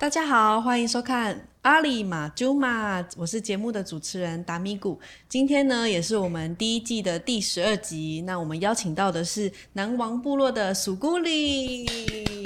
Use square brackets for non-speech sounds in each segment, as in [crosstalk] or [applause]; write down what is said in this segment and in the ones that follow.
大家好，歡迎收看阿里馬珠瑪，我是節目的主持人達米古。今天呢，也是我們第一季的第十二集。那我們邀請到的是南王部落的蘇古里，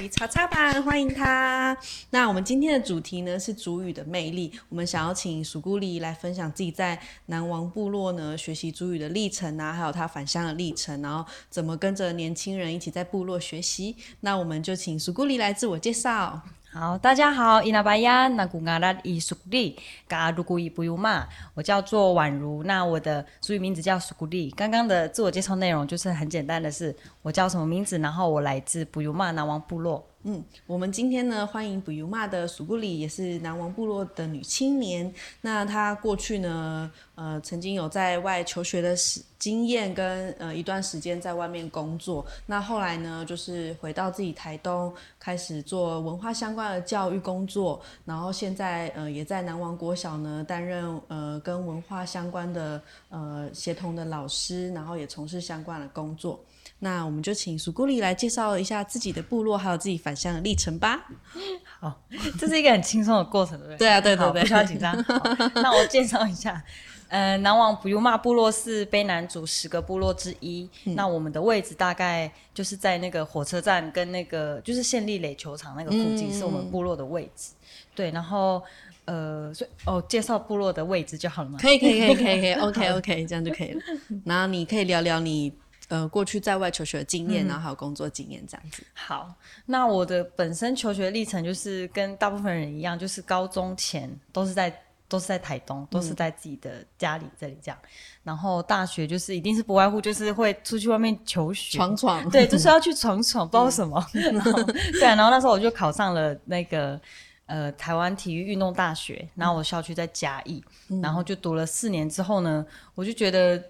查查版，歡迎他。那我們今天的主題呢是族語的魅力。我們想要請蘇古里來分享自己在南王部落呢學習族語的歷程啊，還有他返鄉的歷程，然後怎麼跟着年輕人一起在部落學習。那我們就請蘇古里來自我介紹。好，大家好，伊那白呀，娜古娜拉伊蘇古里嘎魯古伊普悠瑪，我叫做宛如，那我的族語名字叫蘇古里。剛剛的自我介紹內容就是很簡單的是，我叫什麼名字，然後我來自普悠瑪南王部落。嗯，我們今天呢，歡迎普悠瑪的蘇古里，也是南王部落的女青年。那她過去呢，呃，曾經有在外求學的經驗跟，跟呃一段時間在外面工作。那後來呢，就是回到自己台東，開始做文化相關的教育工作。然後現在呃也在南王國小呢擔任呃跟文化相關的呃協同的老師，然後也從事相關的工作。那我們就請蘇古麗來介紹一下自己的部落，還有自己返鄉的歷程吧。好、哦，這是一個很輕鬆的過程，對不對？對啊，對對對，對，不要緊張，好。那我介紹一下。呃，南王普悠瑪部落是卑南族十個部落之一，嗯。那我們的位置大概就是在那個火車站跟那個就是縣立壘球場那個附近，是我們部落的位置。嗯、對，然後呃，所以哦，介紹部落的位置就好了嗎？可以可以可以可以可以 [laughs] okay, okay, okay,，OK OK，這樣就可以了。然後你可以聊聊你呃過去在外求學的經驗，嗯，然後還有工作經驗這樣子。好，那我的本身求學歷程就是跟大部分人一樣，就是高中前都是在。都是在台東，都是在自己的家裡這裡這樣、嗯。然後大學就是一定是不外乎就是會出去外面求學闖闖，對，就是要去闖闖，嗯、不知道什麼。嗯、 [laughs] 然後對、啊，然後那時候我就考上了那個呃台灣體育運動大學，然後我校區在嘉義、嗯，然後就讀了四年之後呢，我就覺得，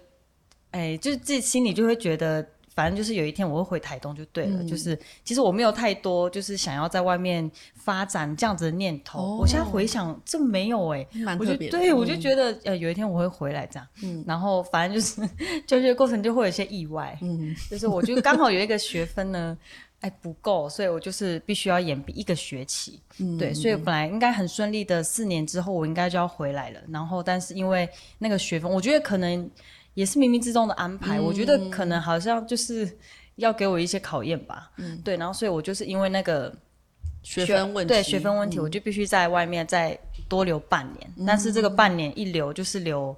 哎，就自己心裡就會覺得。反正就是有一天我會回台東就對了，嗯、就是其實我沒有太多就是想要在外面發展這樣子的念頭。哦、我現在回想這沒有哎、欸，蠻特別。對、嗯、我就覺得呃有一天我會回來這樣，嗯、然後反正就是就覺得過程就會有些意外。嗯，就是我覺得剛好有一個學分呢，哎 [laughs] 不夠，所以我就是必須要延畢一個學期。嗯，對，所以本來應該很順利的四年之後我應該就要回來了，然後但是因為那個學分，我覺得可能。也是冥冥之中的安排，嗯，我覺得可能好像就是要給我一些考驗吧。嗯，對，然後所以我就是因為那個學分，對，學分問題，問題，嗯、我就必須在外面再多留半年，嗯。但是這個半年一留就是留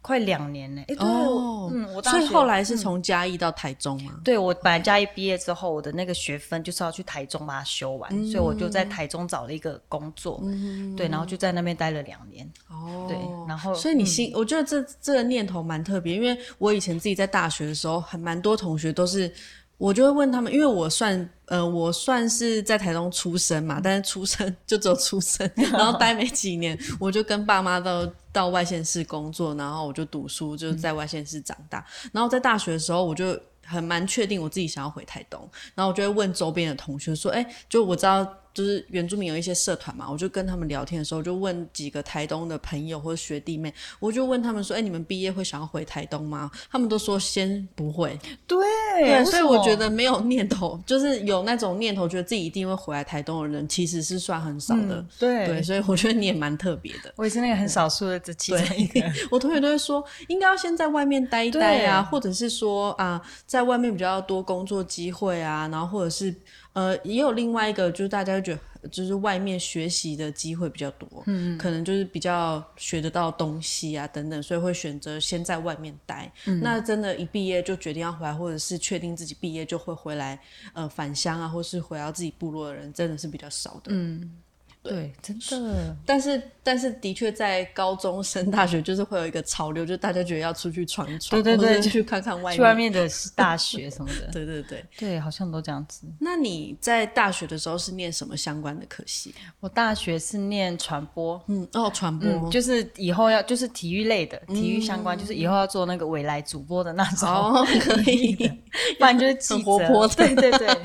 快兩年呢、欸欸，哦，嗯，我所以後來是從嘉義到台中啊、嗯。對，我本來嘉義畢業之後、嗯，我的那個學分就是要去台中把它修完、嗯，所以我就在台中找了一個工作，嗯、對，然後就在那邊待了兩年。哦，對，然後所以你心，嗯、我覺得這這個念頭蠻特別，因為我以前自己在大學的時候，還蠻多同學都是，我就會問他們，因為我算呃，我算是在台中出生嘛，但是出生就只有出生，然後待沒幾年， [laughs] 我就跟爸媽到。到外縣市工作，然後我就讀書，就在外縣市長大。嗯。然後在大學的時候，我就很蠻確定我自己想要回台東，然後我就會問周邊的同學說：“哎、欸，就我知道。”就是原住民有一些社團嘛，我就跟他們聊天的時候，我就問幾個台東的朋友或者學弟妹，我就問他們說：“哎、欸，你們畢業會想要回台東嗎？”他們都說先不會。對，對所以我覺得沒有念頭，就是有那種念頭，覺得自己一定會回來台東的人，其實是算很少的。嗯、對對，所以我覺得你也蠻特別的。 [laughs] 我也是那個很少數的這其中一個。我同學都會說，應該要先在外面待一待啊，或者是說啊、呃，在外面比較多工作機會啊，然後或者是。呃，也有另外一個，就是大家覺得就是外面學習的機會比較多，嗯，可能就是比較學得到東西啊等等，所以會選擇先在外面待。嗯，那真的，一畢業就決定要回來，或者是確定自己畢業就會回來，呃，返鄉啊，或是回到自己部落的人，真的是比較少的。嗯。對，對，真的。但是，但是的確，在高中升大學，就是會有一個潮流，就是大家覺得要出去闖闖，對對對，去看看外面。外面的大學什麼的。 [laughs] 對對對，對，好像都這樣子。那你在大學的時候是念什麼相關的科系？我大學是念傳播，嗯，哦，傳播、嗯，就是以後要就是體育類的，體育相關、嗯，就是以後要做那個未來主播的那種哦？ [laughs] 可以， [laughs] 反正就是急很活潑， [laughs] 對對對。Okay.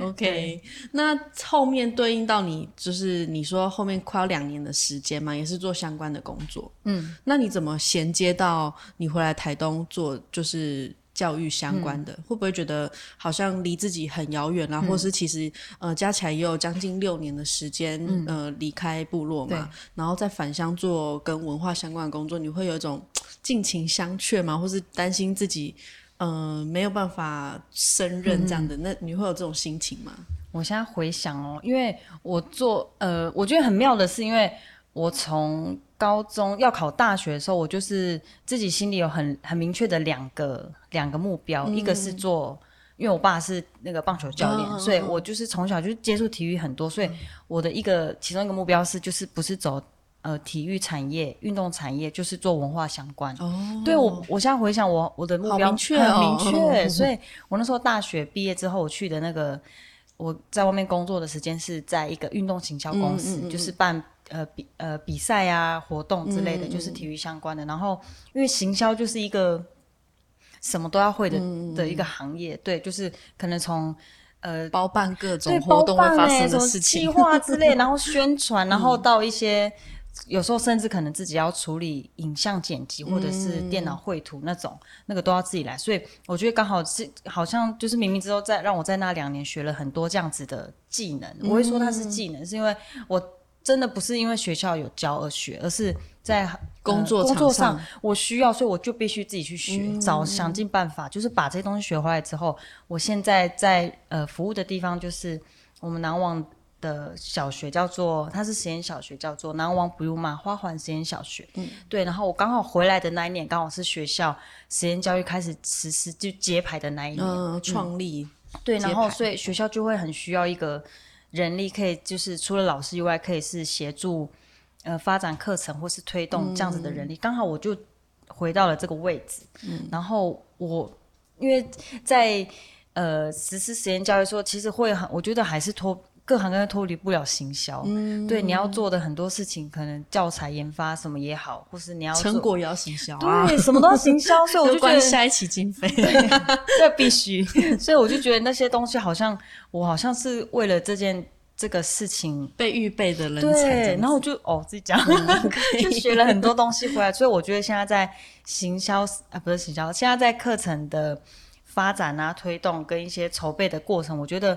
[laughs] OK，那後面對應到你，就是你。你說後面快要兩年的時間嘛，也是做相關的工作。嗯，那你怎麼銜接到你回來台東做就是教育相關的？嗯、會不會覺得好像離自己很遙遠啊？或是其實、嗯、呃加起來也有將近六年的時間、嗯、呃離開部落嘛，然後再返鄉做跟文化相關的工作，你會有一種近鄉情怯嗎？或是擔心自己呃沒有辦法勝任這樣的、嗯？那你會有這種心情嗎？我現在回想哦，因為我做呃，我覺得很妙的是，因為我從高中要考大學的時候，我就是自己心裡有很很明確的兩個兩個目標、嗯，一個是做，因為我爸是那個棒球教練、哦，所以我就是從小就接觸體育很多、哦，所以我的一個其中一個目標是，就是不是走呃體育產業、運動產業，就是做文化相關。哦，對，我，我現在回想，我我的目標很明確、哦，所以我那時候大學畢業之後我去的那個。我在外面工作的時間是在一個運動行銷公司、嗯嗯嗯，就是辦呃比呃比賽啊、活動之類的、嗯，就是體育相關的。然後因為行銷就是一個什麼都要會的、嗯、的一個行業，對，就是可能從呃包辦各種活動會發生的事情，計劃、欸、之類，然後宣傳，然後到一些。嗯有時候甚至可能自己要處理影像剪輯或者是電腦繪圖那種、嗯，那個都要自己來。所以我覺得剛好是好像就是明明之後在讓我在那兩年學了很多這樣子的技能。嗯、我會說它是技能，是因為我真的不是因為學校有教而學，而是在工作、場、呃、工作上我需要，所以我就必須自己去學，嗯、找想盡辦法，就是把這些東西學回來之後，我現在在呃服務的地方就是我們南王。的小學叫做，它是實驗小學，叫做南王普悠瑪花環實驗小學。嗯，對，然後我剛好回來的那一年，剛好是學校實驗教育開始實施就揭牌的那一年，創、嗯、立。對，然後所以學校就會很需要一個人力，可以就是除了老師以外，可以是協助呃發展課程或是推動這樣子的人力。剛、嗯、好我就回到了這個位置，嗯、然後我因為在呃實施實驗教育的時候，其實會很，我覺得還是脫。各行各業脫離不了行銷、嗯，對你要做的很多事情，可能教材研發什麼也好，或是你要做成果也要行銷、啊，對，什麼都要行銷， [laughs] 所以我就管下一期經費，對,對必須， [laughs] 所以我就覺得那些東西好像我好像是為了這件這個事情被預備的人才，然後我就哦自己講、嗯，就學了很多東西回來，所以我覺得現在在行銷啊不是行銷，現在在課程的發展啊推動跟一些籌備的過程，我覺得。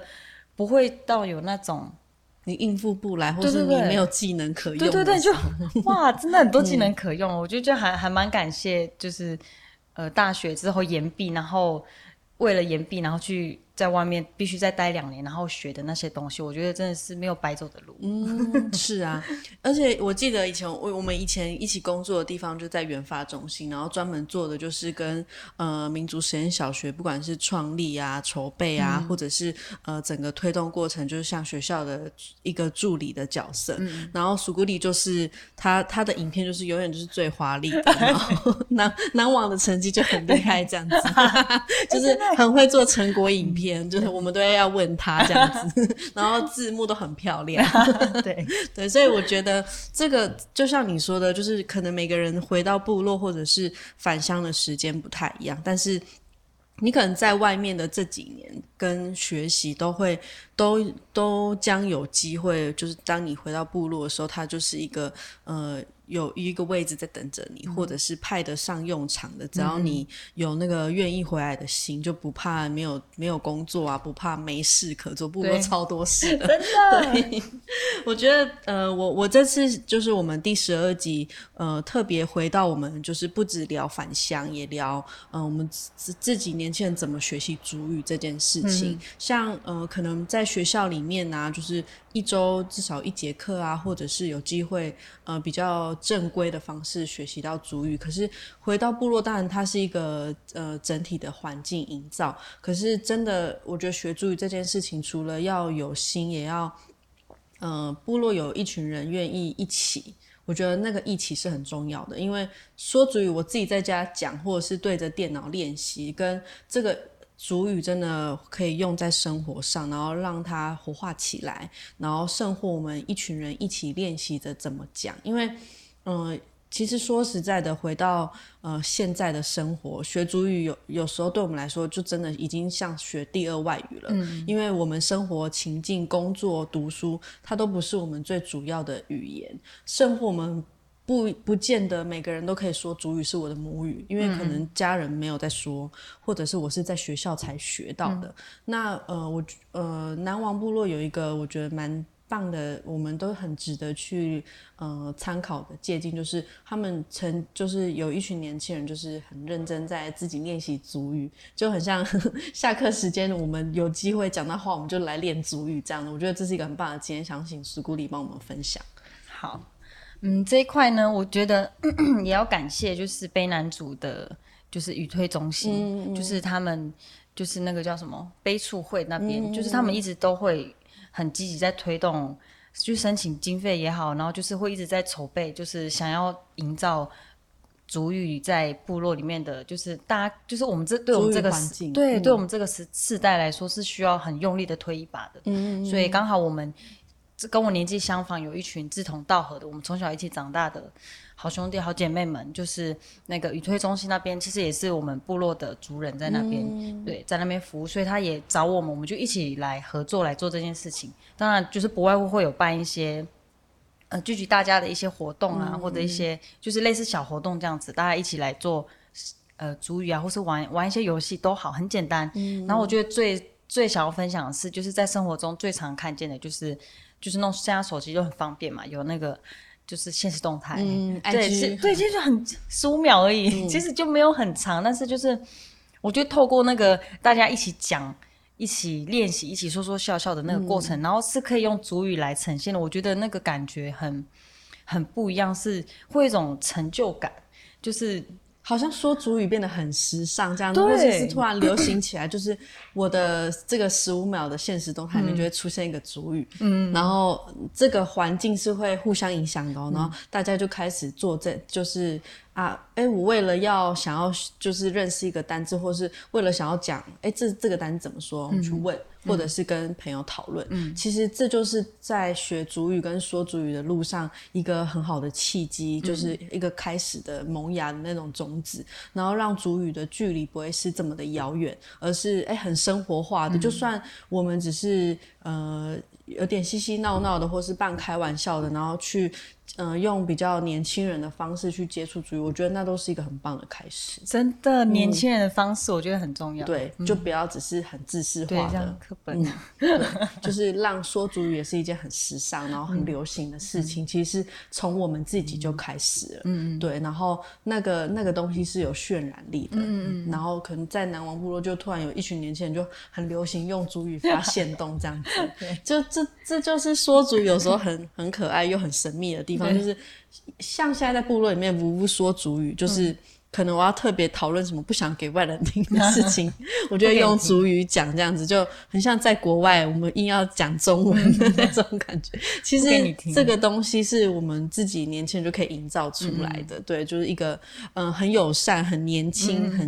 不會到有那種你應付不來，或者是你沒有技能可用。對，對對對，就哇，真的很多技能可用， [laughs] 嗯、我覺得就還還蠻感謝，就是呃，大學之後延畢，然後為了延畢，然後去。在外面必須再待兩年，然後學的那些東西，我覺得真的是沒有白走的路。 [laughs] 嗯，是啊，而且我記得以前我我們以前一起工作的地方就在研發中心，然後專門做的就是跟呃民族實驗小學不管是創立啊、籌備啊、嗯，或者是呃整個推動過程，就是像學校的一個助理的角色。嗯、然後蘇古麗就是她她的影片就是永遠就是最華麗的，然後 [laughs] 難難忘的成績就很厲害，這樣子 [laughs] 就是很會做成果影片。 [laughs] 嗯天就是我們都要問他這樣子， [laughs] 然後字幕都很漂亮，對 [laughs] 對，所以我覺得這個就像你說的，就是可能每個人回到部落或者是返鄉的時間不太一樣，但是你可能在外面的這幾年跟學習都會都都將有機會，就是當你回到部落的時候，它就是一個呃。有一個位置在等着你，嗯，或者是派得上用場的。只要你有那個願意回來的心，嗯，就不怕沒有沒有工作啊，不怕沒事可做，不過超多事的。 [laughs] 真的，我覺得呃，我我這次就是我們第十二集，呃，特別回到我們就是不只聊返鄉，也聊嗯，呃，我們自，自己年輕人怎麼學習族語這件事情。嗯，像呃，可能在學校裡面呢，啊，就是一周至少一節課啊，或者是有機會呃比較。正規的方式學習到族語，可是回到部落，當然它是一個呃整體的環境營造。可是真的，我覺得學族語這件事情，除了要有心，也要嗯、呃、部落有一群人願意一起。我覺得那個一起是很重要的，因為說族語，我自己在家講，或者是對着電腦練習，跟這個族語真的可以用在生活上，然後讓它活化起來，然後甚或我們一群人一起練習着怎麼講，因為。嗯、呃，其實說實在的，回到呃現在的生活，學族語有有時候對我們來說，就真的已經像學第二外語了。嗯，因為我們生活情境、工作、讀書，它都不是我們最主要的語言，甚或我們不不見得每個人都可以說族語是我的母語，因為可能家人沒有在說，嗯、或者是我是在學校才學到的。嗯、那呃，我呃南王部落有一個，我覺得蠻。棒的，我們都很值得去呃參考的借鑑，就是他們曾，就是有一群年輕人，就是很認真在自己練習族語，就很像呵呵下課時間我們有機會講到話，我們就來練族語這樣的。我覺得這是一個很棒的經驗，今天想請石古里幫我們分享。好，嗯，這一塊呢，我覺得咳咳也要感謝就是卑南族的，就是語推中心，嗯、就是他們就是那個叫什麼卑處會那邊、嗯，就是他們一直都會，很積極在推動，去申請經費也好，然後就是會一直在籌備，就是想要營造族語在部落裡面的，就是大家就是我們這對我們這個對對我們這個時世代來說是需要很用力的推一把的，嗯，嗯，嗯，所以剛好我們跟我年紀相仿，有一群志同道合的，我們從小一起長大的。好兄弟、好姐妹們，就是那個語推中心那邊，其實也是我們部落的族人在那邊、嗯，對，在那邊服務，所以他也找我們，我們就一起來合作來做這件事情。當然，就是不外乎會有辦一些，呃，聚集大家的一些活動啊、嗯，或者一些就是類似小活動這樣子，大家一起來做，呃，族語啊，或是玩玩一些遊戲都好，很簡單。嗯、然後我覺得最最想要分享的是，就是在生活中最常看見的、就是，就是就是弄現在手機就很方便嘛，有那個。就是限時動態、嗯，對，其實對，其實就很十五秒而已，嗯，其實就沒有很長，但是就是，我覺得透過那個大家一起講、一起練習、一起說說笑笑的那個過程，嗯，然後是可以用族語來呈現的，我覺得那個感覺很很不一樣，是會有一種成就感，就是。好像說族語變得很時尚，這樣，或者是，是突然流行起來，就是我的這個十五秒的限時動態裡面就會出現一個族語、嗯，然後這個環境是會互相影響的、嗯、然後大家就開始做這就是。啊，哎，我為了要想要就是認識一個單字，或是為了想要講，哎，這這個單字怎麼說，去問、嗯，或者是跟朋友討論，嗯、其實這就是在學族語跟說族語的路上一個很好的契機、嗯，就是一個開始的萌芽的那種種子，嗯、然後讓族語的距離不會是這麼的遙遠，而是哎很生活化的、嗯，就算我們只是呃有點嘻嘻鬧鬧的，或是半開玩笑的，然後去。嗯、呃，用比較年輕人的方式去接觸族語，我覺得那都是一個很棒的開始。真的，年輕人的方式我覺得很重要。嗯、對、嗯，就不要只是很自私化的課本、嗯對，就是讓說族語也是一件很時尚，然後很流行的事情。嗯嗯、其實從我們自己就開始了。嗯對。然後那個那個東西是有渲染力的。嗯嗯。然後可能在南王部落，就突然有一群年輕人就很流行用族語發限動這樣子。 [laughs] 對就這這就是說族語有時候很很可愛又很神秘的地方。就是，像現在在部落裡面無不說族語就是。嗯可能我要特別討論什麼不想給外人聽的事情，啊、我就會用族語講這樣子，就很像在國外我們硬要講中文的那 [laughs] [laughs] 種感覺。其實這個東西是我們自己年輕人就可以營造出來的，對，就是一個嗯、呃、很友善、很年輕、嗯、很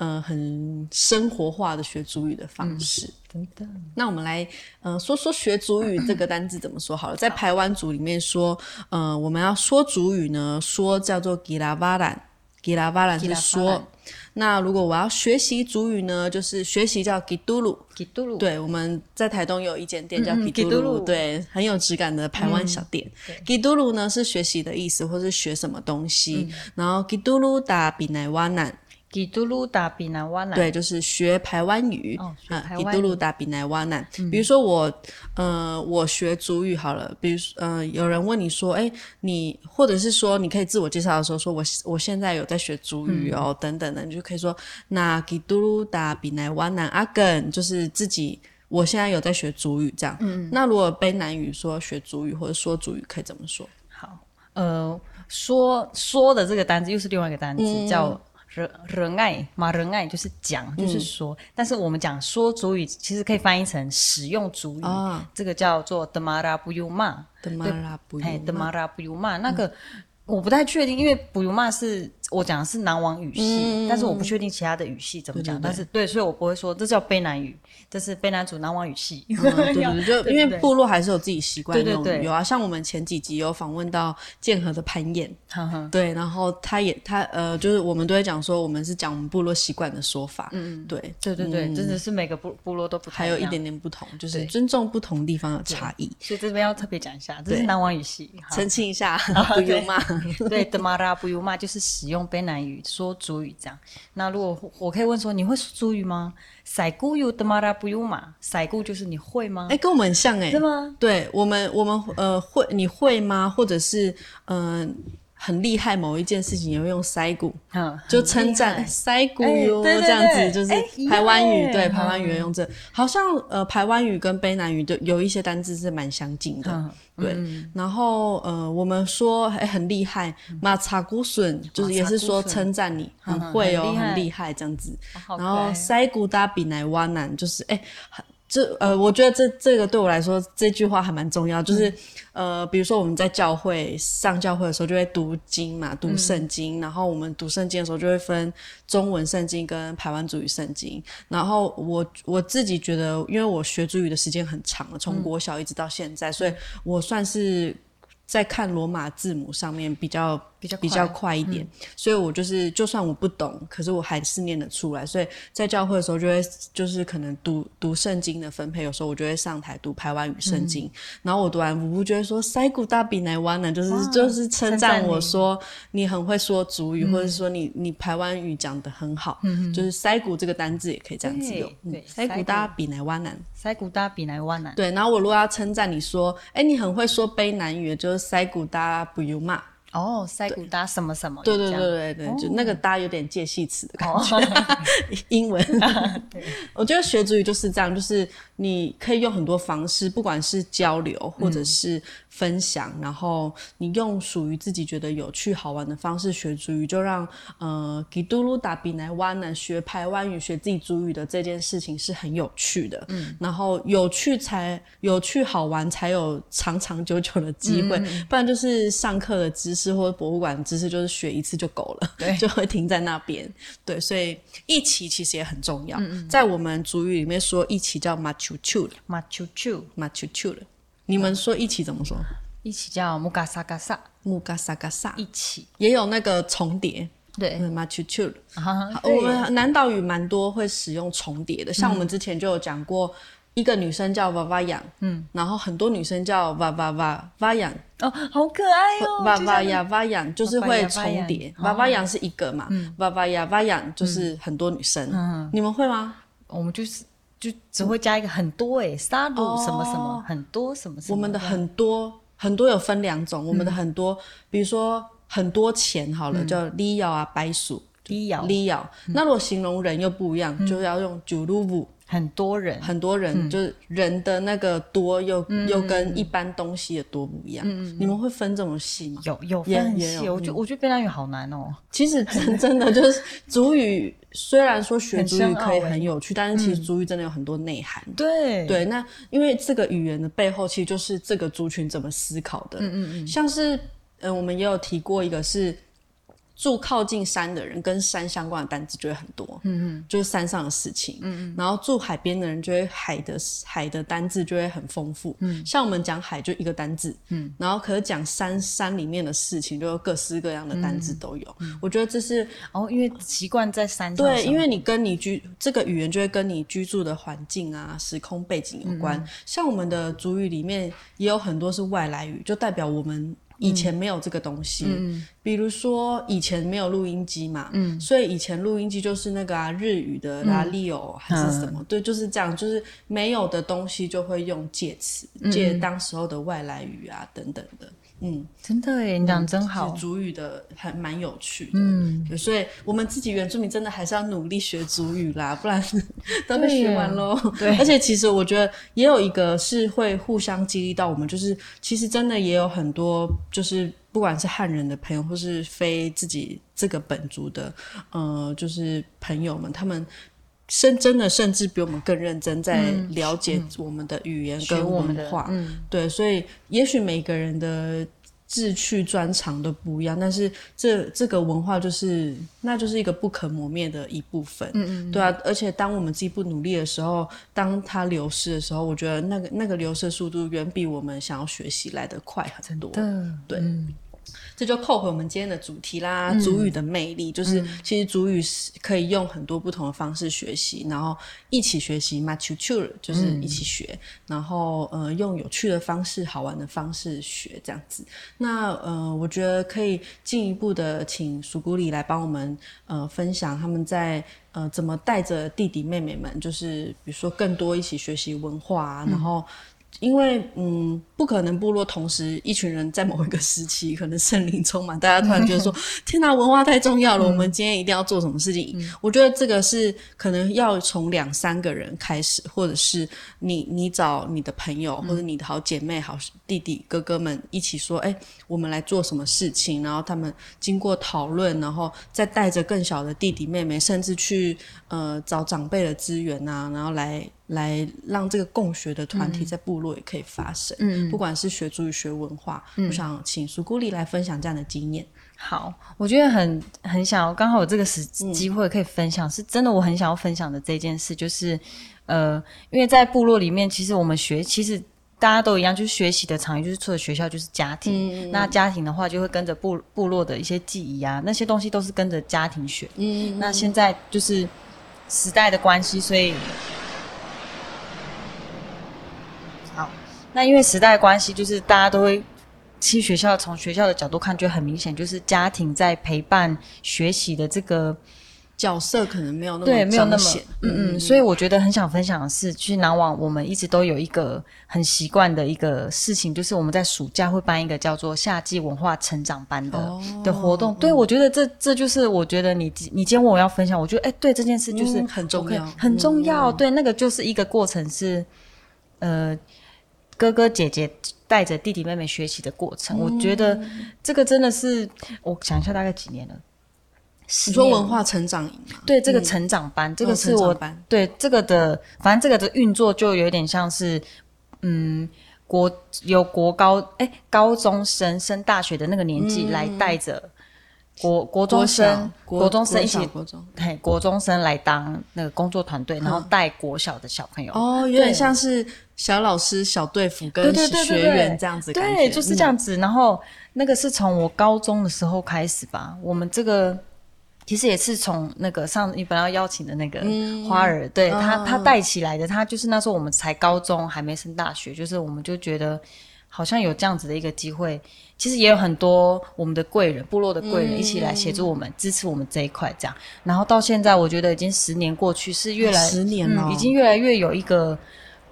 嗯、呃、很生活化的學族語的方式。嗯、那我們來嗯、呃、說說學族語這個單字怎麼說好了，在排灣族裡面說，呃，我們要說族語呢，說叫做 Gilavaran 吉拉巴蘭是說ララ，那如果我要學習族語呢，就是學習叫吉都魯。吉都魯，對，我們在台東有一間店叫吉都魯，對，很有質感的台灣小店。吉都魯呢是學習的意思，或是學什麼東西。嗯、然後吉都魯打比奈灣難。基都魯打比奈瓦南，對，就是學排灣語。嗯、哦，基都魯打比奈瓦南。比如說我，呃，我學族語好了。比如說，呃，有人問你說，誒、欸、你或者是說，你可以自我介紹的時候，說我我現在有在學族語哦、嗯，等等的，你就可以說，那基都魯打比奈瓦南阿梗，就是自己我現在有在學族語這樣。嗯，那如果卑南語說學族語，或者說族語可以怎麼說？好，呃，說說的這個單字又是另外一個單字、嗯、叫。仁仁愛嘛，仁愛就是講，就是說，嗯、但是我們講說族語，其實可以翻譯成使用族語，啊，這個叫做 “the mara buuma”，“the mara buuma”，“the mara buuma”。那個我不太確定，嗯，因為 buuma 是。我講的是南王語系，嗯，但是我不確定其他的語系怎麼講。但是對，所以我不會說這叫卑南語，這是卑南族南王語系。嗯 [laughs] 嗯，對，對，對，就因為部落還是有自己習慣那種語，對對對，有啊。像我們前幾集有訪問到建和的攀岩，呵呵對，然後他也他呃，就是我們都會講說，我們是講我們部落習慣的說法。嗯對，嗯對對對，真的是每個部部落都不同，還有一點點不同，就是尊重不同地方的差異。所以這邊要特別講一下，這是南王語系，澄清一下，普悠瑪對的嘛啦，普悠瑪 [laughs] 就是使用。用說族語這樣，那如果我可以問說，你會說族語嗎？塞固有得馬不有嘛？塞固就是你會嗎？哎，跟我們很像哎、欸，對嗎？對，嗯、我們我們呃會，你會嗎？或者是嗯。呃很厲害，某一件事情也會用塞古，就稱讚塞古喲，這樣子就是排灣語，欸、對排灣、欸語，欸、語用這、嗯，好像呃排灣語跟卑南語就有一些單字是蠻相近的，對，嗯、然後呃我們說哎、欸、很厲害，馬查古順就是也是說稱讚你、嗯嗯嗯、很會哦很厲害，害這樣子，然後塞古大比乃哇南就是哎。欸這呃，我覺得這這個對我來說，這句話還蠻重要，就是、嗯、呃，比如說我們在教會上教會的時候，就會讀經嘛，讀聖經、嗯，然後我們讀聖經的時候，就會分中文聖經跟台灣族語聖經，然後我我自己覺得，因為我學族語的時間很長了，從國小一直到現在，嗯、所以我算是在看羅馬字母上面比較。比較比較快一點，嗯、所以我就是就算我不懂，可是我還是念得出來。所以在教會的時候，就會就是可能讀讀聖經的分配，有時候我就會上台讀排灣語聖經，嗯、然後我讀完，我覺得說塞古達比奈灣南，就是就是稱讚我說你很會說族語、嗯，或者說你你排灣語講的很好，嗯，就是塞古這個單字也可以這樣子用、嗯。塞古達比奈灣南，塞古達比奈灣南。對，然後我如果要稱讚你說，哎、欸，你很會說卑南語，就是塞古達布尤嘛。哦，塞古達什麼什麼？對對對對對,對、哦，就那個搭有點介系詞的感覺。哦、 [laughs] 英文 [laughs] [laughs] 對，我覺得學族語就是這樣，就是你可以用很多方式，不管是交流或者是分享，嗯、然後你用屬於自己覺得有趣好玩的方式學族語，就讓呃給嘟魯打比來灣呢，學排灣語、學自己族語的這件事情是很有趣的。嗯，然後有趣才有趣好玩，才有長長久久的機會、嗯，不然就是上課的知識。知識或博物館知識就是學一次就夠了，對，就會停在那邊。對，所以一起其實也很重要。嗯嗯在我們族語裡面說一起叫馬球球了，馬球球，馬球球了。你們說一起怎麼說？一起叫木嘎沙嘎薩，木嘎沙嘎薩。一起也有那個重疊，對，馬球球。我們南島語蠻多會使用重疊的、嗯，像我們之前就有講過。一個女生叫娃娃養，嗯，然後很多女生叫娃娃娃娃養，哦，好可愛喲，哦，娃娃呀娃養就是會重疊，娃娃養是一個嘛，娃娃呀娃養就是很多女生，嗯嗯，你們會嗎？我們就是就只會加一個很多哎，欸，沙魯什麼什麼，哦，很多什麼什麼什麼，我們的很多很多有分兩種，我們的很多，嗯，比如說很多錢好了，嗯，叫 liyao 啊白鼠 liyao liyao，那如果形容人又不一樣，嗯，就要用 juluv 很多人，很多人，嗯、就是人的那個多又，又、嗯、又跟一般東西也多不一樣。嗯、你們會分這麼細嗎？有有分也有，分也有分。我覺得我覺得卑南語好難哦。其實真的就是族 [laughs] 語，雖然說學族語可以很有趣，但是其實族語真的有很多內涵。嗯、對對，那因為這個語言的背後，其實就是這個族群怎麼思考的。嗯嗯嗯，像是呃、嗯，我們也有提過一個是。住靠近山的人，跟山相關的單字就會很多，嗯嗯，就是山上的事情，嗯，嗯，然後住海邊的人，就會海的海的單字就會很豐富，嗯，像我們講海就一個單字，嗯，然後可是講山山裡面的事情，就各式各樣的單字都有，嗯嗯，我覺得這是哦，因為習慣在山上，對，因為你跟你居這個語言就會跟你居住的環境啊、時空背景有關，嗯嗯，像我們的族語裡面也有很多是外來語，就代表我們。以前沒有這個東西，嗯、比如說以前沒有錄音機嘛、嗯，所以以前錄音機就是那個啊日語的拉利奧還是什麼、嗯，對，就是這樣，就是沒有的東西就會用借詞借當時候的外來語啊、嗯、等等的。嗯，真的耶，你講真好。族、嗯、語的還蠻有趣的。嗯，所以我們自己原住民真的還是要努力學族語啦，不然 [laughs] [laughs] 都被學完嘍。對，而且其實我覺得也有一個是會互相激勵到我們，就是其實真的也有很多，就是不管是漢人的朋友或是非自己這個本族的，呃，就是朋友們，他們。甚真的甚至比我們更認真，在了解我們的語言跟文化，嗯嗯嗯、對，所以也許每個人的志趣專長都不一樣，但是這這個文化就是，那就是一個不可磨滅的一部分，嗯，嗯，嗯對啊，而且當我們自己不努力的時候，當它流失的時候，我覺得那個那個流失速度遠比我們想要學習來得快很多，對。嗯這就扣回我們今天的主題啦，族、嗯、語的魅力就是，其實族語是可以用很多不同的方式學習，嗯、然後一起學習 m a t u r i n 就是一起學，然後呃用有趣的方式、好玩的方式學這樣子。那呃，我覺得可以進一步的請鼠古里來幫我們呃分享他們在呃怎麼帶着弟弟妹妹們，就是比如說更多一起學習文化啊，然後。嗯因為嗯，不可能部落同時一群人在某一個時期，可能森林中嘛，大家突然覺得說，嗯、天哪、啊，文化太重要了、嗯，我們今天一定要做什麼事情？嗯、我覺得這個是可能要從兩三個人開始，或者是你你找你的朋友或者你的好姐妹、好弟弟哥哥們一起說，哎、欸，我們來做什麼事情？然後他們經過討論，然後再帶着更小的弟弟妹妹，甚至去呃找長輩的資源啊，然後來。來讓這個共學的團體在部落也可以發生，嗯，不管是學族語學文化，嗯、我想請蘇古麗來分享這樣的經驗。好，我覺得很很想要，剛好有這個時機會可以分享、嗯，是真的我很想要分享的這件事，就是呃，因為在部落裡面，其實我們學，其實大家都一樣，就是學習的場域就是除了學校就是家庭、嗯，那家庭的話就會跟着部部落的一些記憶啊，那些東西都是跟着家庭學，嗯，那現在就是時代的關係，所以。那因為時代關係，就是大家都會，其實學校從學校的角度看，就很明顯，就是家庭在陪伴學習的這個角色可能沒有那麼明顯對，沒有那麼嗯嗯。所以我覺得很想分享的是，去南王我們一直都有一個很習慣的一個事情，就是我們在暑假會辦一個叫做“夏季文化成長班的”的、哦、的活動、嗯。對，我覺得這這就是我覺得你你今天問我要分享，我覺得哎，對這件事就是很,、嗯、很重要，很重要嗯嗯。對，那個就是一個過程是，呃。哥哥姐姐帶着弟弟妹妹學習的過程、嗯，我覺得這個真的是，我想一下大概幾年了。你說文化成長營嗎？對，這個成長班，嗯、這個是我成長班對這個的，反正這個的運作就有點像是，嗯，國由國高，哎、欸，高中生升，升大學的那個年紀來帶着。國國中生國國，國中生一起國中，對，國中生來當那個工作團隊、嗯，然後帶國小的小朋友。哦，有點像是小老師、小隊服跟學員這樣子，對對對對，對，就是這樣子。嗯、然後那個是從我高中的時候開始吧。我們這個其實也是從那個上你本來要邀請的那個花兒，嗯、對他他帶起來的。他就是那時候我們才高中，還沒升大學，就是我們就覺得。好像有這樣子的一個機會，其實也有很多我們的貴人、部落的貴人一起來協助我們、嗯、支持我們這一塊，這樣。然後到現在，我覺得已經十年過去，是越來、哎、十年了、哦嗯，已經越來越有一個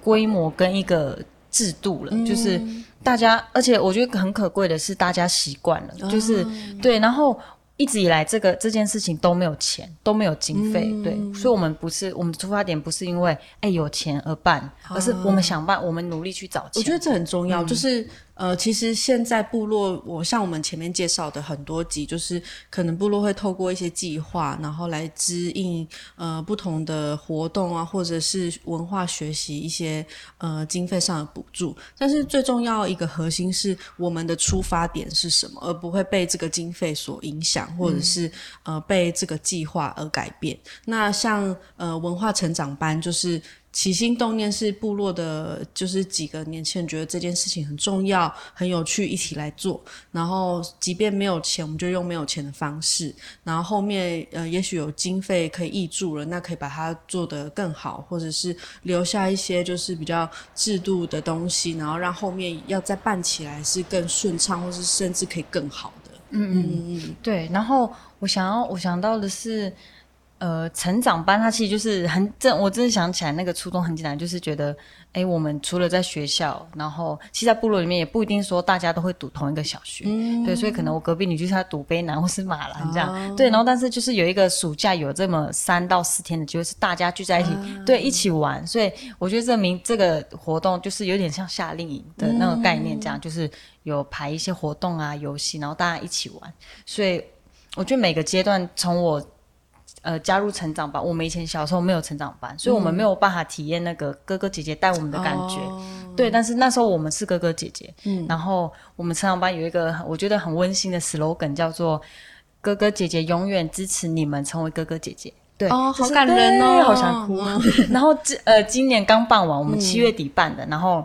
規模跟一個制度了、嗯，就是大家，而且我覺得很可貴的是，大家習慣了、哦，就是對，然後。一直以來，這個這件事情都沒有錢，都沒有經費，嗯、對，所以，我們不是我們的出發點，不是因為哎、欸、有錢而辦、哦，而是我們想辦，我們努力去找錢。我覺得這很重要，嗯、就是。呃，其實現在部落，我像我們前面介紹的很多集，就是可能部落會透過一些計劃，然後來支應呃不同的活動啊，或者是文化學習一些呃經費上的補助。但是最重要一個核心是我們的出發點是什麼，而不會被這個經費所影響，嗯、或者是呃被這個計劃而改變。那像呃文化成長班就是。起心動念是部落的，就是幾個年輕人覺得這件事情很重要、很有趣，一起來做。然後，即便沒有錢，我們就用沒有錢的方式。然後後面，呃，也許有經費可以挹注了，那可以把它做得更好，或者是留下一些就是比較制度的東西，然後讓後面要再辦起來是更順暢，或是甚至可以更好的。嗯嗯，嗯嗯，對。然後我想要，我想到的是。呃，成長班它其實就是很正。我真的想起來那個初衷很簡單，就是覺得，哎、欸，我們除了在學校，然後其實在部落裡面也不一定說大家都會讀同一個小學、嗯，對，所以可能我隔壁女就是她讀卑南或是馬蘭這樣、啊，對，然後但是就是有一個暑假有這麼三到四天的機會是大家聚在一起、啊，對，一起玩，所以我覺得這這個活動就是有點像夏令營的那個概念，這樣、嗯、就是有排一些活動啊遊戲，然後大家一起玩，所以我覺得每個階段從我。呃，加入成長班，我們以前小時候沒有成長班，嗯、所以我們沒有辦法體驗那個哥哥姐姐帶我們的感覺、哦。對，但是那時候我們是哥哥姐姐。嗯。然後我們成長班有一個我覺得很溫馨的 slogan，叫做“哥哥姐姐永遠支持你們成為哥哥姐姐”。對，哦，好感人哦，好想哭。 [laughs] 然後這呃，今年剛辦完，我們七月底辦的。嗯、然後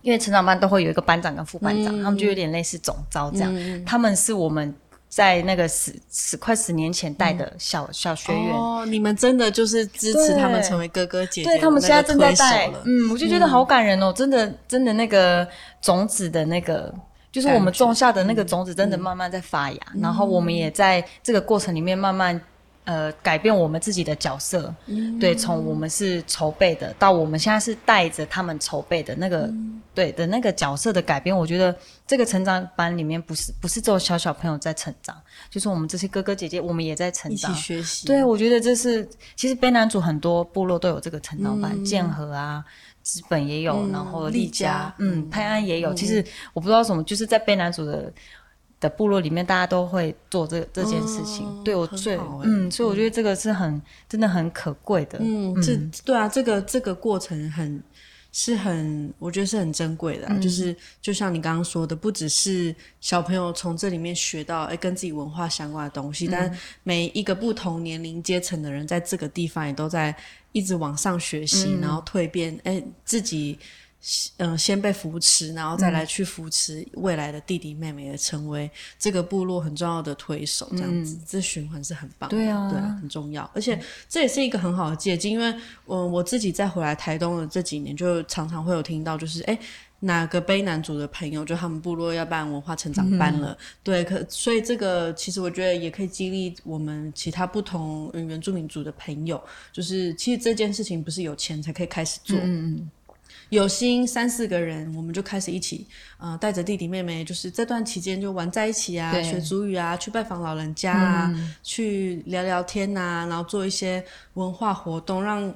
因為成長班都會有一個班長跟副班長，嗯、他們就有點類似總召這樣、嗯，他們是我們。在那個十十快十年前帶的小、嗯、小學員、哦，你們真的就是支持他們成為哥哥姐姐，對，對他們現在正在帶嗯，我就覺得好感人哦，嗯、真的真的那個種子的那個、嗯，就是我們種下的那個種子，真的慢慢在發芽、嗯，然後我們也在這個過程裡面慢慢。呃，改變我們自己的角色，嗯、對，從我們是籌備的，到我們現在是帶着他們籌備的那個，嗯、對的那個角色的改變，我覺得這個成長班裡面不是不是只有小小朋友在成長，就是我們這些哥哥姐姐，我們也在成長，一起學習。對，我覺得這是其實卑南族很多部落都有這個成長班，建、嗯、和啊、知本也有，然後利嘉，嗯，嘉嗯、泰安也有、嗯。其實我不知道什麼，就是在卑南族的。的部落裡面，大家都會做這這件事情，哦、對我最好、欸、嗯，所以我覺得這個是很、嗯、真的很可貴的。嗯，嗯這對啊，這個這個過程很是很，我覺得是很珍貴的、啊嗯。就是就像你剛剛說的，不只是小朋友從這裡面學到哎、欸，跟自己文化相關的東西，嗯、但每一個不同年齡階層的人，在這個地方也都在一直往上學習、嗯，然後蛻變，哎、欸，自己。嗯、呃，先被扶持，然後再來去扶持未來的弟弟妹妹，也成為這個部落很重要的推手，嗯、這樣子，這循環是很棒的，對啊，對啊，很重要。而且這也是一個很好的借鏡，因為我我自己在回來台東的這幾年，就常常會有聽到，就是哎，哪個卑南族的朋友，就他們部落要辦文化成長班了、嗯，對，可所以這個其實我覺得也可以激勵我們其他不同原，原住民族的朋友，就是其實這件事情不是有錢才可以開始做。嗯有心三四個人，我們就開始一起，呃，帶着弟弟妹妹，就是這段期間就玩在一起啊，學族語啊，去拜訪老人家啊，嗯、去聊聊天吶、啊，然後做一些文化活動，讓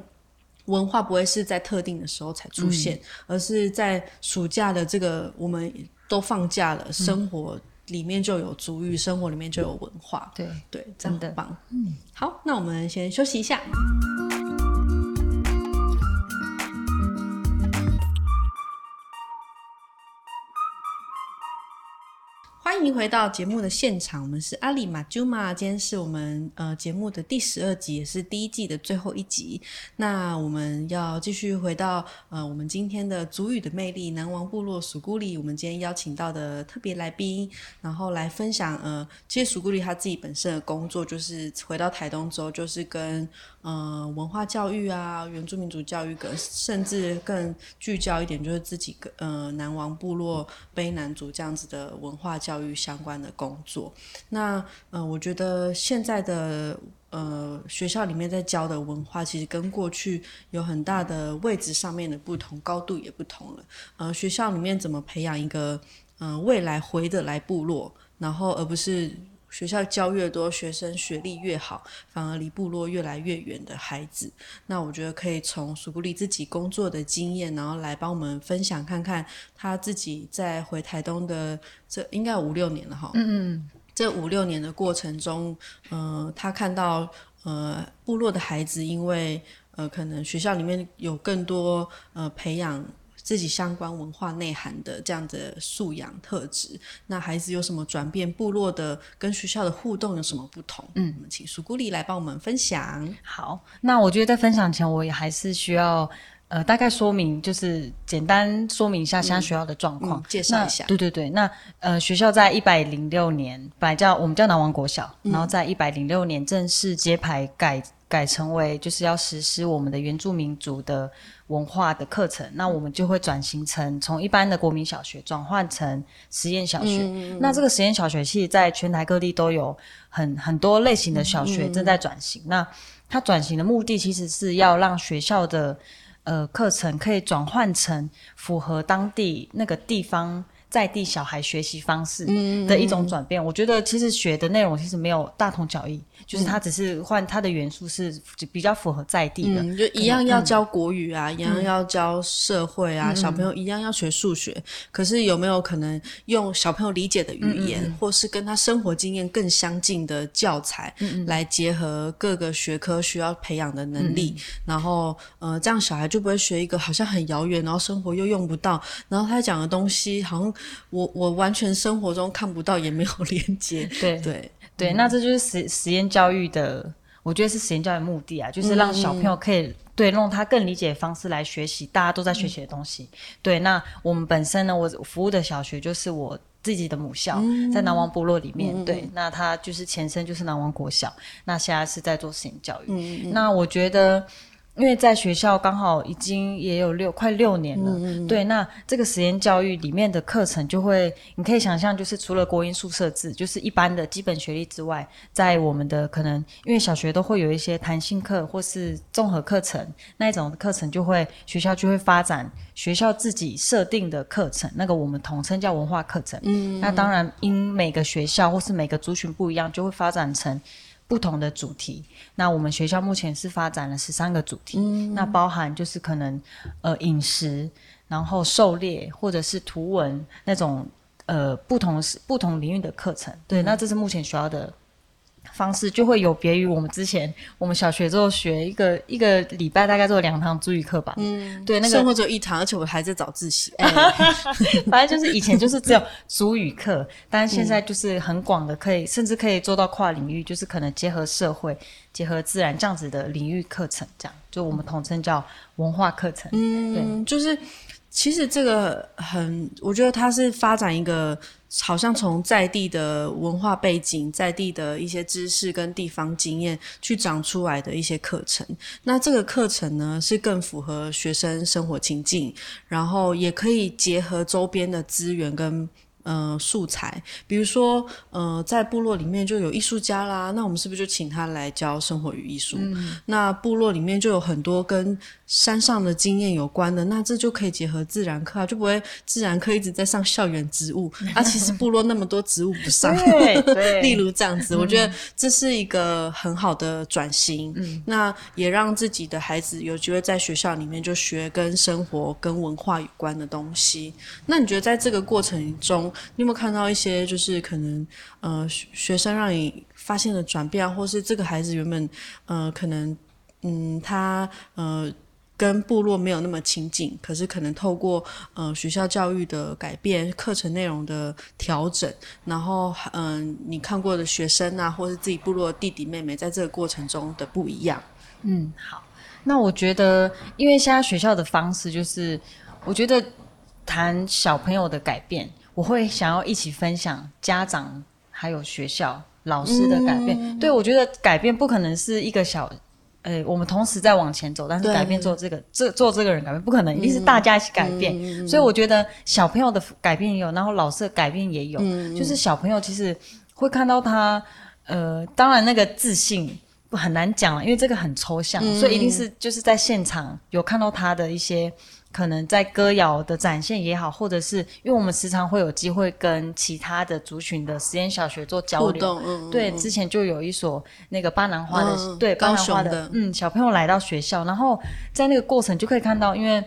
文化不會是在特定的時候才出現，嗯、而是在暑假的這個我們都放假了，嗯、生活裡面就有族語，生活裡面就有文化。嗯、對對，真的棒、嗯。好，那我們先休息一下。歡迎回到節目的現場，我們是阿里馬朱瑪。今天是我們呃節目的第十二集，也是第一季的最後一集。那我們要繼續回到呃我們今天的族語的魅力，南王部落屬古里。我們今天邀請到的特別來賓，然後來分享呃，其實，屬古里他自己本身的工作就是回到台東之後就是跟嗯、呃，文化教育啊，原住民族教育更，跟甚至更聚焦一點，就是自己個呃南王部落卑南族這樣子的文化教育相關的工作。那嗯、呃，我覺得現在的呃學校裡面在教的文化，其實跟過去有很大的位置上面的不同，高度也不同了。呃，學校裡面怎麼培養一個呃未來回的來部落，然後而不是。學校教越多，學生學歷越好，反而離部落越來越遠的孩子。那我覺得可以從蘇布里自己工作的經驗，然後來幫我們分享看看他自己在回台東的這，應該有五六年了哈。嗯嗯。這五六年的過程中，嗯、呃，他看到呃部落的孩子因為呃可能學校裡面有更多呃培養。自己相關文化內涵的這樣的素養特質，那孩子有什麼轉變？部落的跟學校的互動有什麼不同？嗯，請蘇古麗來幫我們分享。好，那我覺得在分享前，我也還是需要呃大概說明，就是簡單說明一下現在學校的狀況，嗯嗯、介紹一下。對對對，那呃學校在一百零六年，本來叫我們叫南王國小，嗯、然後在一百零六年正式揭牌改。改成為，就是要實施我們的原住民族的文化的課程，那我們就會轉型成從一般的國民小學轉換成實驗小學。嗯嗯嗯，那這個實驗小學其實在全台各地都有很很多類型的小學正在轉型，嗯嗯嗯。那它轉型的目的其實是要讓學校的呃課程可以轉換成符合當地那個地方在地小孩學習方式的一種轉變，嗯嗯，我覺得其實學的內容其實沒有大同小異，嗯，就是他只是換他的元素是比較符合在地的，嗯、就一樣要教國語啊，嗯、一樣要教社會啊，嗯，小朋友一樣要學數學、嗯。可是有沒有可能用小朋友理解的語言，嗯、或是跟他生活經驗更相近的教材，嗯，來結合各個學科需要培養的能力？嗯、然後呃，這樣小孩就不會學一個好像很遙遠，然後生活又用不到，然後他講的東西好像。我我完全生活中看不到，也沒有連接。對對、嗯、對，那這就是實實驗教育的，我覺得是實驗教育目的啊，就是讓小朋友可以嗯嗯對，用他更理解的方式來學習大家都在學習的東西、嗯。對，那我們本身呢，我服務的小學就是我自己的母校，嗯、在南王部落裡面嗯嗯。對，那他就是前身就是南王國小，那現在是在做實驗教育嗯嗯。那我覺得。因為在學校剛好已經也有六快六年了嗯嗯嗯，對，那這個實驗教育裡面的課程就會，你可以想象，就是除了國英數設置，就是一般的基本學歷之外，在我們的可能，因為小學都會有一些彈性課或是綜合課程，那一種課程，就會學校就會發展學校自己設定的課程，那個我們統稱叫文化課程。嗯、嗯，那當然因每個學校或是每個族群不一樣，就會發展成。不同的主題，那我們學校目前是發展了十三個主題。嗯，那包含就是可能呃飲食，然後狩獵或者是圖文那種呃不同不同領域的課程，對，嗯，那這是目前學校的。方式就會有別於我們之前，我們小學之後學一個一個禮拜大概做兩堂族語課吧，嗯，對，那個生活只有一堂，而且我們還在早自習， [laughs] 哎、 [laughs] 反正就是以前就是只有族語課，但是現在就是很廣的，可以甚至可以做到跨領域，就是可能結合社會、嗯、結合自然這樣子的領域課程，這樣就我們統稱叫文化課程，嗯，對，就是其實這個很，我覺得它是發展一個。好像從在地的文化背景、在地的一些知識跟地方經驗去長出來的一些課程。那這個課程呢，是更符合學生生活情境，然後也可以結合周邊的資源跟呃素材。比如說呃，在部落裡面就有藝術家啦，那我們是不是就請他來教生活與藝術？嗯、那部落裡面就有很多跟。山上的經驗有關的，那這就可以結合自然課，啊，就不會自然課一直在上校園植物 [laughs] 啊。其實部落那麼多植物不上， [laughs] 對對 [laughs] 例如這樣子，嗯，我覺得這是一個很好的轉型。嗯，那也讓自己的孩子有機會在學校裡面就學跟生活、跟文化有關的東西。那你覺得在這個過程中，你有沒有看到一些就是可能呃學生讓你發現了轉變啊，或是這個孩子原本呃可能嗯他呃。跟部落沒有那麼親近，可是可能透過呃學校教育的改變、課程內容的調整，然後嗯、呃，你看過的學生啊，或是自己部落的弟弟妹妹，在這個過程中的不一樣。嗯，好，那我覺得，因為現在學校的方式就是，我覺得談小朋友的改變，我會想要一起分享家長還有學校老師的改變。嗯、對，我覺得改變不可能是一個小。呃、欸，我們同時在往前走，但是改變做這個，這做這個人改變不可能，一定是大家一起改變、嗯。所以我覺得小朋友的改變也有，然後老師的改變也有，嗯、就是小朋友其實會看到他，呃，當然那個自信很難講，因為這個很抽象，所以一定是就是在現場有看到他的一些。可能在歌謠的展現也好，或者是因為我們時常會有機會跟其他的族群的實驗小學做交流、嗯。對，之前就有一所那個巴楠花的、嗯，對，巴楠花的、的，嗯，小朋友來到學校，然後在那個過程就可以看到，因為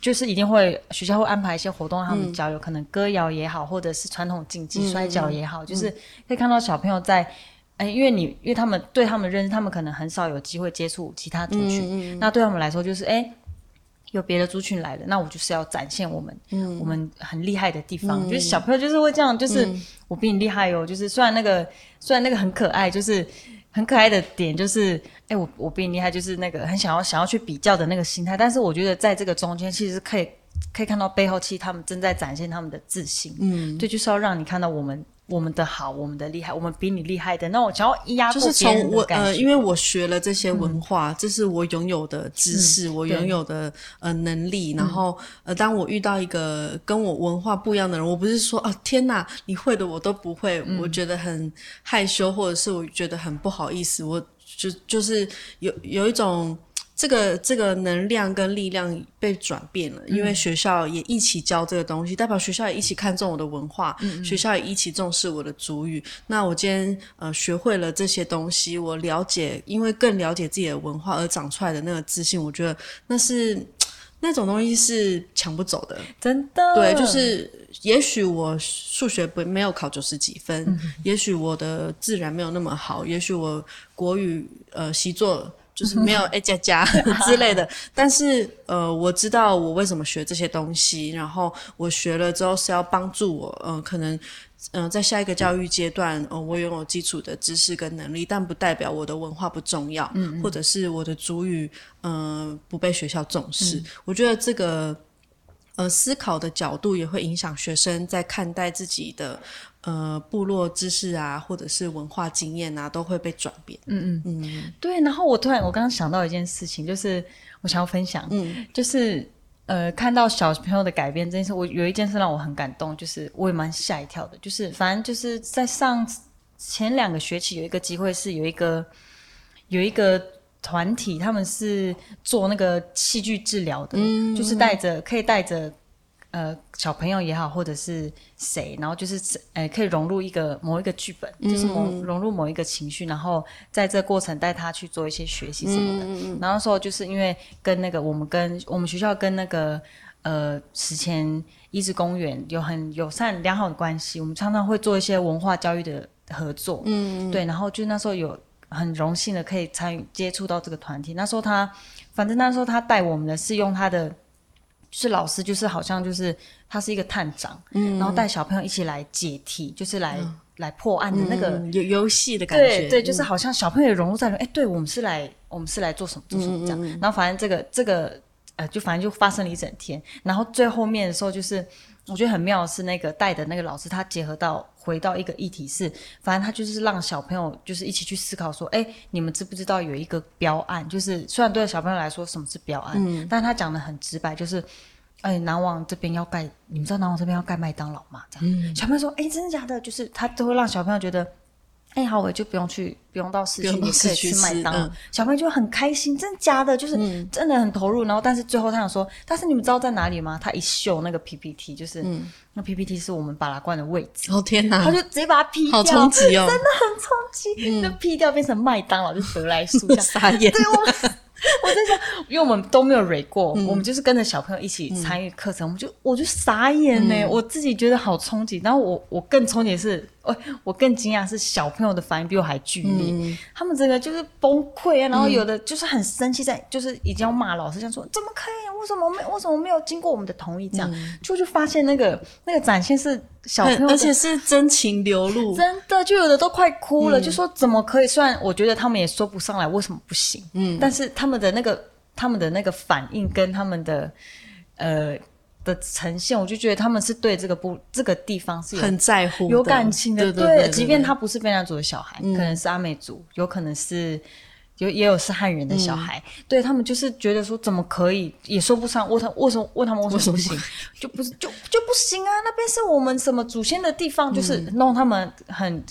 就是一定會學校會安排一些活動讓他們交流，嗯、可能歌謠也好，或者是傳統競技、嗯、摔跤也好、嗯，就是可以看到小朋友在，哎、嗯欸，因為你因為他們對他們認識，他們可能很少有機會接觸其他族群、嗯嗯，那對他們來說就是哎。欸有別的族群來的，那我就是要展現我們，嗯、我們很厲害的地方、嗯。就是小朋友就是會這樣，就是、嗯、我比你厲害哦。就是雖然那個雖然那個很可愛，就是很可愛的點，就是哎、欸、我我比你厲害，就是那個很想要想要去比較的那個心態。但是我覺得在這個中間，其實可以可以看到背後，其實他們正在展現他們的自信。嗯，這就是要讓你看到我們。我們的好，我們的厲害，我們比你厲害的，那我只要一壓過別人的感覺，就是從我呃、呃，因為我學了這些文化，嗯、這是我擁有的知識，嗯、我擁有的呃能力。嗯、然後呃，當我遇到一個跟我文化不一樣的人，我不是說啊，天哪，你會的我都不會、嗯，我覺得很害羞，或者是我覺得很不好意思，我就就是有有一種。這個這個能量跟力量被轉變了、嗯，因為學校也一起教這個東西，代表學校也一起看重我的文化，嗯嗯，學校也一起重視我的族語。那我今天呃學會了這些東西，我了解，因為更了解自己的文化而長出來的那個自信，我覺得那是那種東西是搶不走的，真的。對，就是也許我數學不沒有考九十幾分、嗯，也許我的自然沒有那麼好，也許我國語呃習作。 [laughs] 就是沒有 A 加加之類的， [laughs] 但是呃，我知道我為什麼學這些東西，然後我學了之後是要幫助我，嗯、呃，可能嗯、呃，在下一個教育階段，嗯、呃，我擁有基礎的知識跟能力，但不代表我的文化不重要，嗯，嗯，或者是我的族語，嗯、呃，不被學校重視。嗯、我覺得這個呃思考的角度也會影響學生在看待自己的。呃，部落知識啊，或者是文化經驗啊，都會被轉變。嗯嗯嗯，對。然後我突然，我剛剛想到一件事情，就是我想要分享。嗯，就是呃，看到小朋友的改變，這件事，我有一件事讓我很感動，就是我也蠻嚇一跳的。就是反正就是在上前兩個學期，有一個機會是有一個有一個團體，他們是做那個戲劇治療的，嗯，就是帶着可以帶着。呃，小朋友也好，或者是誰，然後就是呃，可以融入一個某一個劇本，嗯嗯，就是融融入某一個情緒，然後在這過程帶他去做一些學習什麼的。嗯嗯嗯，然後說就是因為跟那個我們跟我們學校跟那個呃史前遺址公園有很友善良好的關係，我們常常會做一些文化教育的合作。嗯嗯，對，然後就那時候有很榮幸的可以參與接觸到這個團體。那時候他，反正那時候他帶我們的是用他的。嗯就是老師，就是好像就是他是一個探長，嗯、然後帶小朋友一起來解題，就是來、哦、來破案的那個、嗯、遊戲的感覺對。對，就是好像小朋友也融入在裡面。哎、嗯欸，對我們是來，我們是來做什麼做什麼這樣、嗯。然後反正這個這個呃，就反正就發生了一整天。然後最後面的時候就是。我覺得很妙的是那個帶的那個老師，他結合到回到一個議題是，反正他就是讓小朋友就是一起去思考說，哎、欸，你們知不知道有一個標案？就是雖然對小朋友來說什麼是標案，嗯、但是他講的很直白，就是，哎、欸，南王這邊要蓋，你們知道南王這邊要蓋麥當勞嗎？這樣、嗯，小朋友說，哎、欸，真的假的？就是他都會讓小朋友覺得。哎、欸，好，我就不用去，不用到市區也可以去麥當勞、嗯。小朋友就很開心，真的假的？就是真的很投入。嗯、然後，但是最後他想說，但是你們知道在哪裡嗎？他一秀那個 PPT，就是、嗯、那 PPT 是我們巴拉冠的位置。哦天哪、啊！他就直接把它 P 掉，好衝擊哦，真的很衝擊、嗯，就 P 掉變成麥當勞，就得來速 [laughs] 傻眼。對我，我在想，因為我們都沒有瑞過、嗯，我們就是跟着小朋友一起參與課程、嗯，我們就我就傻眼呢、欸嗯。我自己覺得好衝擊。然後我我更衝擊的是。我更驚訝是小朋友的反應比我還劇烈、嗯，他們真的就是崩潰啊，然後有的就是很生氣，在、嗯、就是已經要罵老師這樣，想說怎麼可以，為什麼沒為什麼沒有經過我們的同意，這樣、嗯、就就發現那個那個展現是小朋友的，而且是真情流露，真的，就有的都快哭了，嗯、就說怎麼可以？雖然我覺得他們也說不上來為什麼不行，嗯，但是他們的那個他們的那個反應跟他們的呃。的呈現，我就覺得他們是對這個不，這個地方是很在乎，有感情的對對對對對。對，即便他不是卑南族的小孩，可能是阿美族，嗯、有可能是。也也有是漢人的小孩，嗯、對他們就是覺得說怎麼可以，也說不上，問他們為什麼，問他們為什麼不行，就不是就就不行啊！那邊是我們什麼祖先的地方，嗯、就是弄他們很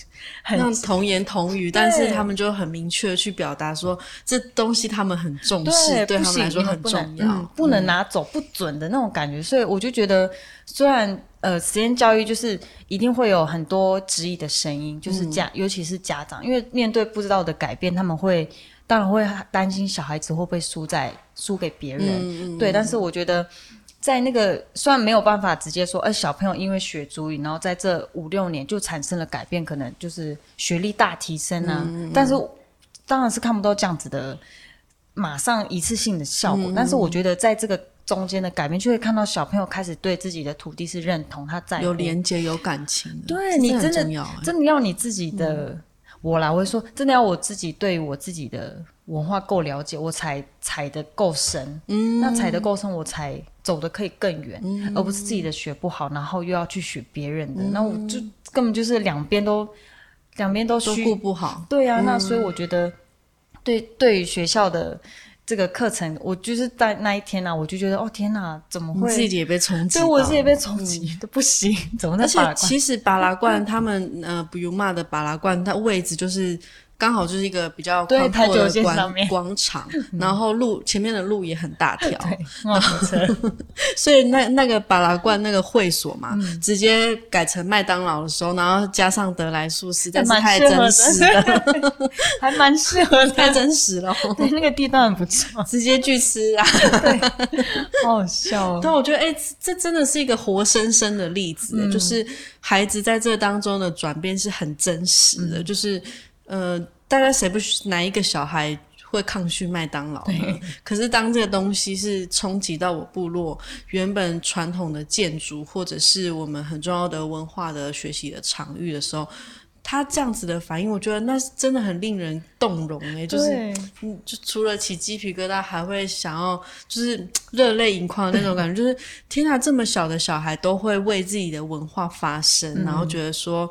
很童言童語，但是他們就很明確的去表達說，這東西他們很重視，對，對他們來說很重要，不能，嗯嗯嗯、不能拿走，不准的那種感覺。所以我就覺得，雖然呃，實驗教育就是一定會有很多質疑的聲音，就是家、嗯，尤其是家長，因為面對不知道的改變，他們會。當然會擔心小孩子會不會輸在輸給別人、嗯，對。但是我覺得，在那個雖然沒有辦法直接說，哎，小朋友因為學族語，然後在這五六年就產生了改變，可能就是學力大提升啊。嗯、但是、嗯，當然是看不到這樣子的馬上一次性的效果。嗯、但是我覺得，在這個中間的改變，就會看到小朋友開始對自己的土地是認同，他在乎，有連接、有感情的。對是是、欸、你真的真的要你自己的。嗯我啦，我會說，真的要我自己對我自己的文化夠了解，我才踩得夠深。嗯，那踩得夠深，我才走得可以更遠，嗯，而不是自己的學不好，然後又要去學別人的，嗯，那我就根本就是兩邊都兩邊都都顧不好。對呀、啊嗯，那所以我覺得，對對學校的。這個課程，我就是在那一天呢、啊，我就覺得哦天哪，怎麼會？你自，己自己也被衝擊，對我自己也被衝擊都不行，怎麼？而且其實巴拉冠、嗯、他們呃，普悠瑪的巴拉冠，它位置就是。剛好就是一個比較寬闊的廣場，嗯，然後路前面的路也很大條，嗯、 [laughs] 所以那那個巴拉冠那個會所嘛，嗯、直接改成麥當勞的時候，然後加上得來速實在是太真實了，還蠻適合的 [laughs] 適合的太真實了，對，那個地段很不錯， [laughs] 直接去吃啊，對，好好笑、喔， [laughs] 但我覺得哎、欸，這真的是一個活生生的例子、欸嗯，就是孩子在這當中的轉變是很真實的，嗯、就是。呃，大概誰不哪一個小孩會抗拒麥當勞？對。可是當這個東西是衝擊到我部落原本傳統的建築，或者是我們很重要的文化的學習的場域的時候，他這樣子的反應，我覺得那是真的很令人動容誒。就是嗯，就除了起雞皮疙瘩，還會想要就是熱淚盈眶的那種感覺。嗯、就是天啊，這麼小的小孩都會為自己的文化發聲，嗯、然後覺得說。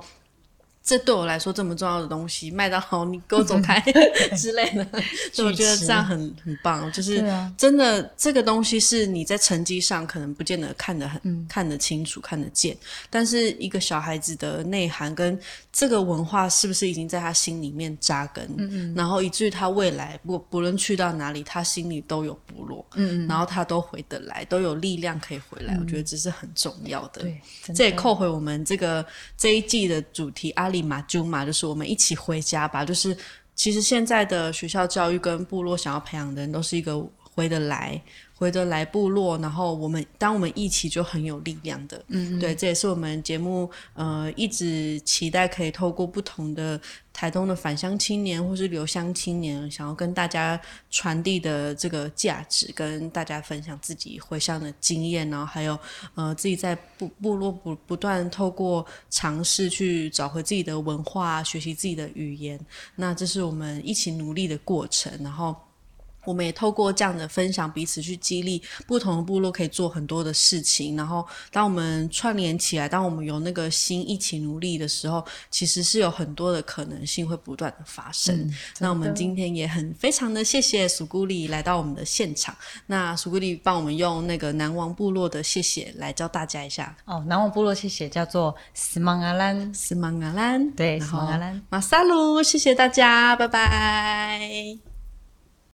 這對我來說這麼重要的東西，麥當勞，你給我走開 [laughs] 之類的，所以我覺得這樣很很棒。就是真的、啊，這個東西是你在成績上可能不見得看得很、嗯、看得清楚、看得見，但是一個小孩子的內涵跟這個文化是不是已經在他心裡面扎根？嗯嗯。然後以至於他未來不不論去到哪裡，他心裡都有部落，嗯嗯。然後他都回得來，都有力量可以回來。嗯、我覺得這是很重要的。對，這也扣回我們這個這一季的主題阿里。就嘛，就是我們一起回家吧。就是其實現在的學校教育跟部落想要培養的人，都是一個回得來，回得來部落，然後我們當我們一起就很有力量的。嗯，嗯，對，這也是我們節目呃一直期待可以透過不同的台東的返鄉青年或是留鄉青年，想要跟大家傳遞的這個價值，跟大家分享自己回鄉的經驗，然後還有呃自己在部部落不不斷透過嘗試去找回自己的文化，學習自己的語言。那這是我們一起努力的過程，然後。我們也透過這樣的分享，彼此去激勵不同的部落，可以做很多的事情。然後，當我們串聯起來，當我們有那個心一起努力的時候，其實是有很多的可能性會不斷的發生。那我們今天也很非常的謝謝蘇古里來到我們的現場。那蘇古里幫我們用那個南王部落的謝謝來教大家一下。哦，南王部落謝謝叫做斯曼阿蘭，斯曼阿蘭，對，斯曼阿蘭，馬薩魯，謝謝大家，拜拜。